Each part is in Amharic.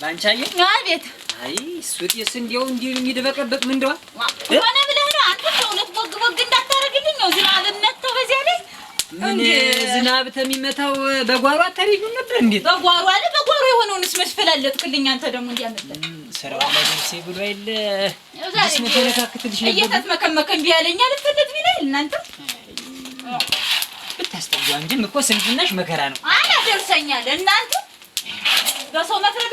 ባንቻዬ አቤት። አይ እሱስ እንዲያው እንዲህ የሚደበቀበቅ ምን እንደዋ ሆነ ብለህ ነው አንተ በእውነት ቦግ ቦግ እንዳታረግልኝ ነው። ዝናብ መታው፣ በዚያ ላይ ምን ዝናብ ተሚመታው በጓሮ አታሪኙ ነበር እንዴ? በጓሮ አለ በጓሮ የሆነውንስ መስፈላለጥክልኝ አንተ ደግሞ እንዲያመጣ ስራው ላይ ደርሴ ጉዶ አይለ ስመተነካክትልሽ ነበር እየተመከመከ እንቢ ያለኛ ልፈልግ ቢላል እናንተ ብታስጠጊ እንጂ እኮ ስንፍናሽ መከራ ነው። አላ እናንተ በሰው መፍረዱ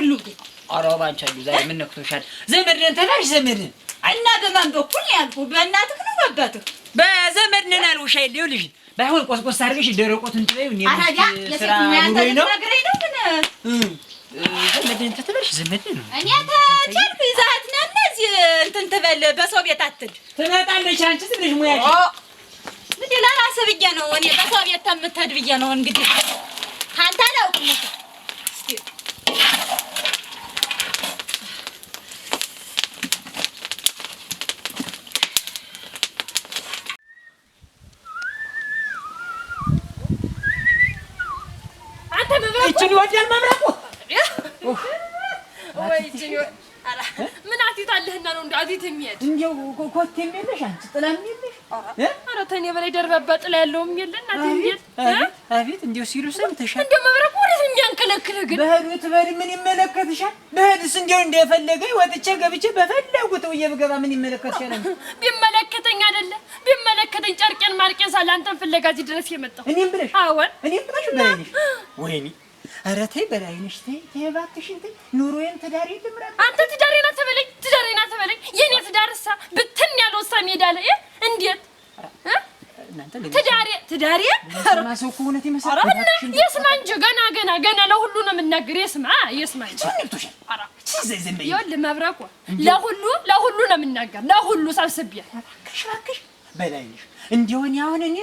ሁሉም ቤት ኧረ ባንቺ ዛሬ ምን ነክቶሻል? ዘመድን ተላሽ ዘመድን እና በማን በኩል ነው በእናትህ ነው በአባትህ? በዘመድን አልውሻ የለው ልጅ ባይሆን ቆስቆስ አድርገሽ ደረቆትን ትበይ ነው ስራ ኑሮኝ ነው ዘመድን ተተበልሽ ዘመድን ነው እኔ ተቻልኩ ይዛት ነው እነዚህ እንትን ትበል በሰው ቤት አትል ትመጣለች። አንቺ ትንሽ ሙያ እንግዲህ ላላስብዬ ነው እኔ በሰው ቤት ተምትሄድ ብዬ ነው እንግዲህ አንተ አላውቅም እኮ ይወዳል መምረቁ። ምን አቲት አለህና ነው እንደው አቲት የሚሄድ እንደው ኮቴ የሚልሽ አንቺ ጥላ የሚልሽ ኧረ ተኔ በላይ ደርባባ ጥላ ያለውም የለን አቤት እንደው ሲሉ ሰምተሻል። እንደው መብረቁ ወዴት የሚያንከለክልህ ግን በህዱት በል ምን ይመለከትሻል? በህዱስ እንደው እንደፈለገ ወጥቼ ገብቼ በፈለጉት ውዬ ብገባ ምን ይመለከትሻል? ቢመለከተኝ አይደለ ቢመለከተኝ ጨርቄን ማርቄን ሳለ አንተን ፍለጋ እዚህ ድረስ የመጣሁ እኔም ብለሽ አዎን እኔም ብለሽ ወይኔ ኧረ ተይ በላይነሽ ተይ ተይ እባክሽን ተይ። ኑሮዬን ትዳሬ ልምራት። አንተ ትዳሬን አትበለኝ፣ ትዳሬን ተበለኝ። የኔ ትዳርሳ ብትን ያለ ወሳኝ ሜዳ ላይ እንዴት ትዳሬ ትዳሬ ሰው እውነት ይመስላል። የስማ እንጂ ገና ገና ገና ለሁሉ ነው የምናገር። የስማ የስማ እንጂ መብረቁ ለሁሉ ለሁሉ ነው የምናገር። ለሁሉ ሰብስቤ እባክሽ እባክሽ በላይነሽ እንዲሆን ያሁን እኔ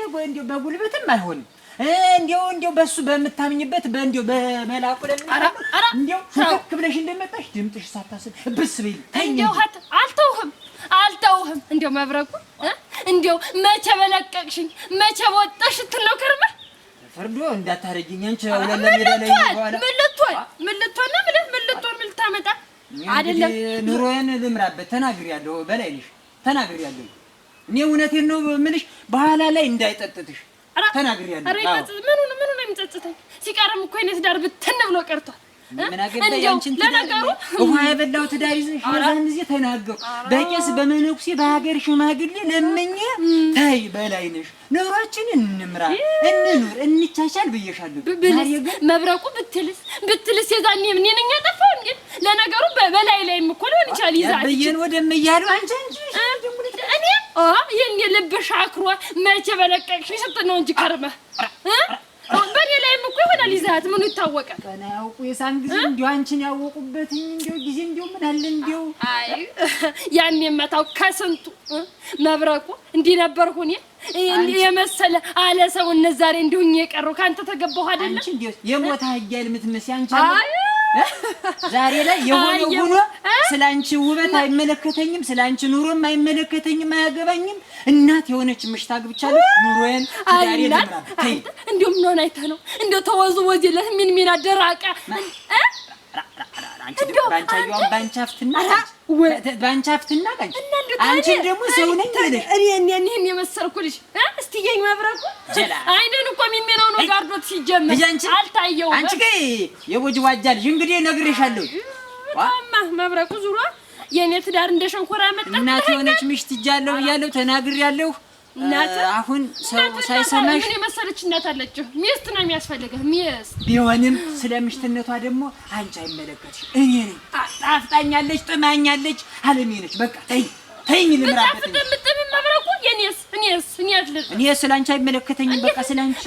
በጉልበትም አይሆንም እንዲያው እንዲያው በእሱ በምታምኝበት በእንዲያው በመላኩ ለምን እንዲያው ሽክ ብለሽ እንደመጣሽ ድምጥሽ ሳታስብ ብስ ብል እንዲያው አልተውህም አልተውህም። እንዲያው መብረቁ እንዲያው መቼ በለቀቅሽኝ መቼ በወጣሽ እንትን ነው ከርመ ፍርዶ እንዳታረጊኝ አንቺ ለለሜዳ ላይ በኋላ ምን ልትሆን አይደለም። ኑሮዬን ልምራበት ተናግሬያለሁ። በላይ ነሽ ተናግሬያለሁ። እኔ እውነቴን ነው የምልሽ። በኋላ ላይ እንዳይጠጥትሽ ተናግሬያለሁ። ኧረ ምኑ ነው የሚጸጽተኝ? ሲቀርም እኮ የእኔ ትዳር ብትን ብሎ ቀርቷል። ውሃ የበላው ትዳር ይዘሽ ጊዜ ተናገሩ። በቄስ በመነኩሴ በሀገር ሽማግሌ ለምኜ እንምራ እንኑር እንቻቻል ብዬሻለሁ። መብረቁ ብትልስ ብትልስ ነኝ ለነገሩ በላይ ላይም እኮ ሊሆን ይችላል አንቺን ይህን የልብሽ አክሮ መቼ በለቀቅሽ ስጥ ነው እንጂ ከርመ በኔ ላይም እኮ ይሆናል። ይዛት ምኑ ይታወቃል። ገና ያውቁ የሳን ጊዜ እንዲያው አንቺን ያወቁበትኝ እንዲያው ጊዜ እንዲያው ምን አለ እንዲያው አይ ያን የማታው ከስንቱ መብረቁ እንዲህ ነበርኩ እኔ የመሰለ አለ ሰውነት ዛሬ እንዲሁኝ የቀረው ከአንተ ተገባሁ አይደለም የሞታ ህያል የምትመስይ አንቺ ዛሬ ላይ የሆነ ሆኖ ስለ አንቺ ውበት አይመለከተኝም፣ ስለ አንቺ ኑሮም አይመለከተኝም፣ አያገባኝም። እናት የሆነች ምሽት አግብቻለሁ። ኑሮዬን ዛሬ ላይ እንደው ምን ሆነ አይተህ ነው እንደው ተወዙ ወዝ የለት ምን ምን አደረቀ አንቺ ደግሞ ሰው ነኝ እኔ እኔ እኔ መሰልኩልሽ ትየኝ መብረቁ አይንን እኮ የሚመናው ነው ጋርዶት ሲጀመር አልታየው። አንቺ ከይ የቦጅ ዋጃል እንግዲህ እነግርሻለሁ። ዋማ መብረቁ ዙሮ የኔ ትዳር እንደ ሸንኮራ መጣ። እናት የሆነች ምሽት ይጃለሁ ብያለሁ፣ ተናግሬያለሁ። እናት አሁን ሰው ሳይሰማሽ ምን የመሰለች እናት አለችው። ሚስት ነው የሚያስፈልገህ ሚስት። ቢሆንም ስለ ምሽትነቷ ደግሞ አንቺ አይመለከትሽ። እኔ ነኝ። ጣፍጣኛለች፣ ጥማኛለች። አለሜ ነች። በቃ ተይ ተይ፣ ልምራበት እኔ ስለ አንቺ አይመለከተኝም። በቃ ስለ አንቺ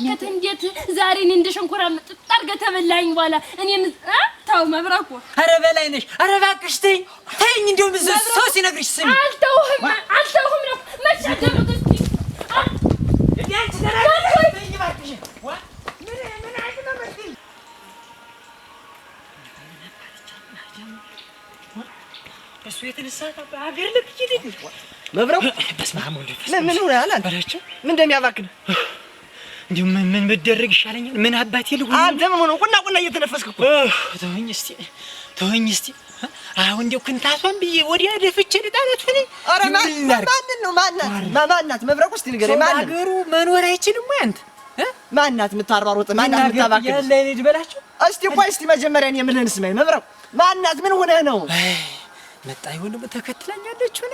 እንዴት እኔ እንደ ሸንኮራ ምጥጥ አድርገህ ተበላኸኝ። በኋላ እኔ ተው መብራኩ። ኧረ በላይ ነሽ። ኧረ እባክሽ ተይኝ፣ ተይኝ። ሰው ሲነግርሽ ስሚ። አልተውህም፣ አልተውህም ነው እሱ የተነሳ መብረው ምን ሆነ አላቸው። ምን እንደሚያባክን እንዲሁ ምን ምን ብደረግ ይሻለኛል? ምን አባቴ ልሁን? አንተ ምን ሆነ? ቁና ቁና እየተነፈስክ እኮ ተወኝ እስቲ፣ ተወኝ እስቲ። አሁን እንዲሁ ክንታቷን ብዬ ወዲያ ደፍቼ ልጣለት ሁኔ። ኧረ ማን ነው ማናት? መብረቁ እስቲ ንገረኝ። ማን ሀገሩ መኖር አይችልም ወይ አንተ? ማናት የምታሯሩጥ? ማናት የምታባክን? ያለ ልጅ በላቸው። እስቲ ቆይ እስቲ መጀመሪያ እኔ የምልህን ስማኝ። መብረቅ ማናት? ምን ሆነህ ነው? መጣ ይሆን ተከትላኛለች ሆነ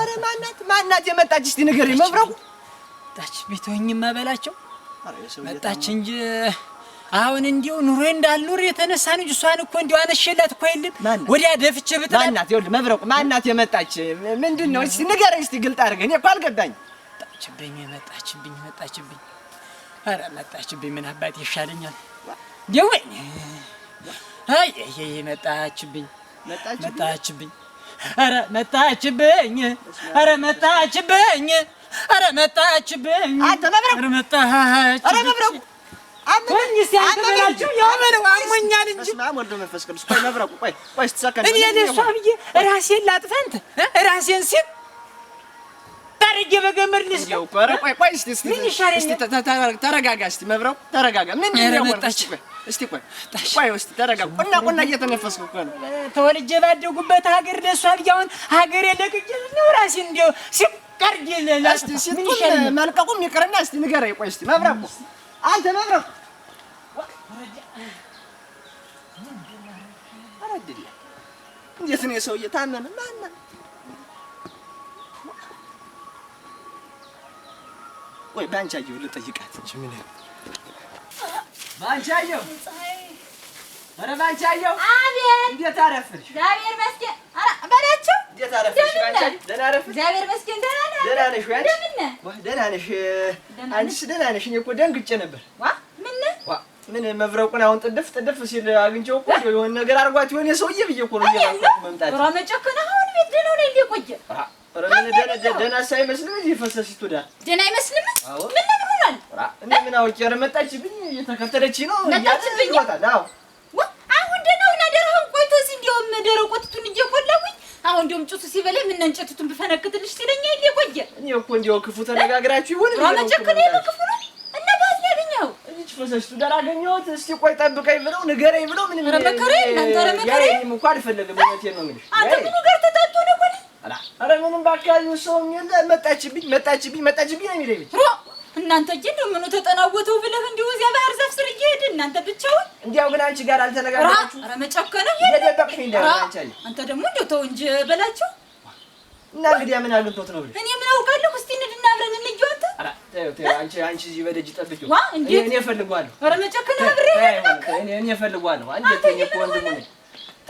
አረ ማናት ማናት የመጣች? እስቲ ንገሪኝ። መብረቁ ታች ቤት ሆኜማ በላቸው መጣች እንጂ አሁን እንዲው ኑሮ እንዳልኑር የተነሳ ነው። እሷን እኮ እንዲው አነሽላት እኮ የለም ወዲያ ደፍቼ ብጥላት ማናት? ይኸውልህ መብረቁ ማናት የመጣች? ምንድን ነው እስቲ ንገረኝ፣ እስቲ ግልጥ አድርገህ። እኔ እኮ አልገባኝ። መጣችብኝ መጣችብኝ መጣችብኝ። አረ መጣችብኝ። ምን አባት ይሻለኛል? ደወይ አይ ይሄ መጣችብኝ መጣችብኝ ኧረ መጣችብኝ፣ ኧረ መጣችብኝ፣ ኧረ መጣችብኝ፣ ኧረ መጣችብኝ። አሞኝ እስኪ አልተበላችሁ ያበለው አሞኛል እንጂ እኔ ለእሷ ብዬ እራሴን ላጥፈንት እራሴን ሲል ታርጌ በገመድ ልስደው። ምን ይሻለኛል? ተረጋጋ እስኪ መብረቁ ተረጋጋ። ምን ይመጣች እስቲ ቆይ ቆይ እስቲ ተረጋ። ቁና ቁና እየተነፈስኩ እኮ ነው። ተወልጄ ባደጉበት ሀገር ደሷ ብያውን ሀገር የለቅጄ ነው ራሴ እንዲያው ሲቀርድ ለላስቲ ሲቱን መልቀቁም ይቅርና እስቲ ንገረኝ። ቆይ እስቲ መብረቁ አንተ መብረቁ አረድልህ እንዴት ነው የሰውዬ ታመመ ማና ወይ ባንቻ ይኸው ልጠይቃት እንጂ ምን ባንቻየሁ ኧረ ባንቻየሁ፣ እንዴት አረፍሽ? እግዚአብሔር ይመስገን። ኧረ በላቸው፣ ደህና ነሽ? አንቺስ ደህና ነሽ? እኔ እኮ ደንግጬ ነበር። ምን መብረቁን አሁን ጥድፍ ጥድፍ ሲል አግኝቼው እኮ የሆነ ነገር አድርጓት ይሆን የሰውዬ ብዬሽ እኮ ነው መምጣት ደህና ሳይመስልም እዚህ ፈሰሲቱ ዳ ደህና አይመስልም። እኔ ምን አውቄ ኧረ መጣችብኝ፣ እየተከተለችኝ ነው። መጣችብኝ አሁን ደህና ሁና ደረሁን ቆይቶ ሲ እንዲያውም ደረው ቆትቱን እየቆላሁኝ አሁን እንዲያውም ጭሱ ሲበላኝ ምነው እንጨቱቱን ብፈነክትልሽ ሲለኝ አይደል የቆየ እኔ እኮ እንዲያው ክፉ ተነጋግራችሁ ይሁን መቸክነ ክፉ ነው እና ባዝ ያገኘው እዚች ፈሰሽቱ ዳር አገኘሁት። እስቲ ቆይ ጠብቀኝ ብለው ንገረኝ ብለው ምንም መከረኝ እናንተ ረመከረኝም እኮ አልፈለግም። እውነቴን ነው እንግዲህ አንተ ምኑ ጋር ተጣቶ ነው ቆል አረ ምንም በአካባቢው ሰውም የለ መጣችብኝ፣ መጣችብኝ፣ መጣችብኝ ነው የሚለኝ ሮ እናንተ እጅ ነው ምኑ ተጠናወተው ብለህ እንዲሁ እዚያ ባህር ዛፍ ስር እየሄድህ እናንተ ብቻውን እንዲያው ግን አንቺ ጋር አልተነጋገራችሁ። ኧረ መጨከነ አንተ ደግሞ እንደው ተው እንጂ በላቸው እና እንግዲህ ምን አግኝቶት ነው እኔ ምን አውቃለሁ። እስቲ እንሂድና አብረን እንየው። አንተ አንቺ አንቺ እዚህ በደጅ ጠብቂው፣ ዋ እንዴ እኔ እፈልገዋለሁ። ኧረ መጨከነ ብሬ እኔ እኔ እፈልገዋለሁ። አንዴ ተኝ እኮ ወንድሙ ነኝ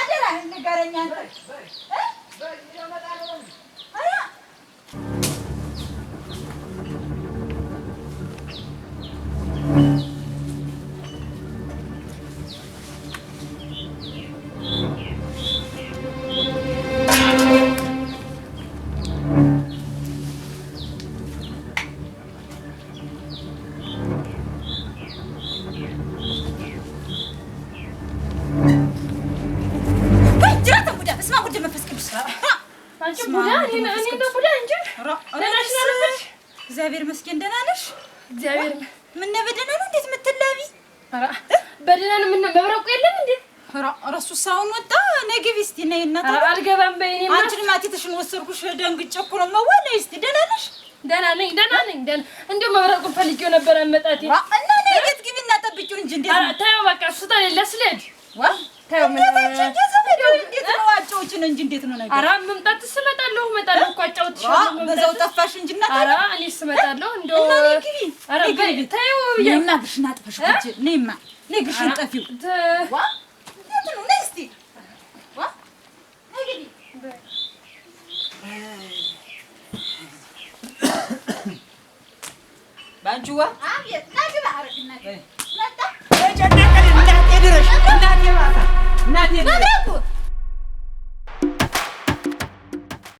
አደራህን ንገረኛ እግዚአብሔር መስኪን ደህና ነሽ? እግዚአብሔር ምነው በደህና ነው? እንዴት የምትላቢ በደህና ነው። ምነው መብረቁ የለም እንዴ? እረሱ ሳሁን ወጣ። ነይ ግቢ እስኪ ነይ እናት። አልገባም በይ። አንቺን ማቴትሽን ወሰድኩሽ ደንግጬ እኮ ነው መዋል። ነይ እስኪ ደህና ነሽ? ደህና ነኝ፣ ደህና ነኝ። እንደው መብረቁን ፈልጌው ነበር አመጣቴ እና ነይ ቤት ግቢ እና ጠብቂው እንጂ እንዴት ነው? ተይው በቃ እሱ ተሌለ ስልሄድ ዋ ተይው ምን ሰዎች እንጂ እንዴት ነው ነገር? ኧረ መምጣት ስመጣለሁ እመጣለሁ እኮ አጫውትሻለሁ። በዛው ጠፋሽ እንጂ እና ኧረ እኔስ እመጣለሁ። እንደው ኧረ በይ ተይው እና ብሽና አጥፈሽ ቁጭ ነይማ ነይ ብሽን ጠፊው ዋ እንዴት ነው ነይ እስኪ ዋ ነይ ግቢ ባንቺዋ አቤት ናግባ አረግና መጣ ተጨናቀለ እናቴ ድረሽ እናቴ ባታ እናቴ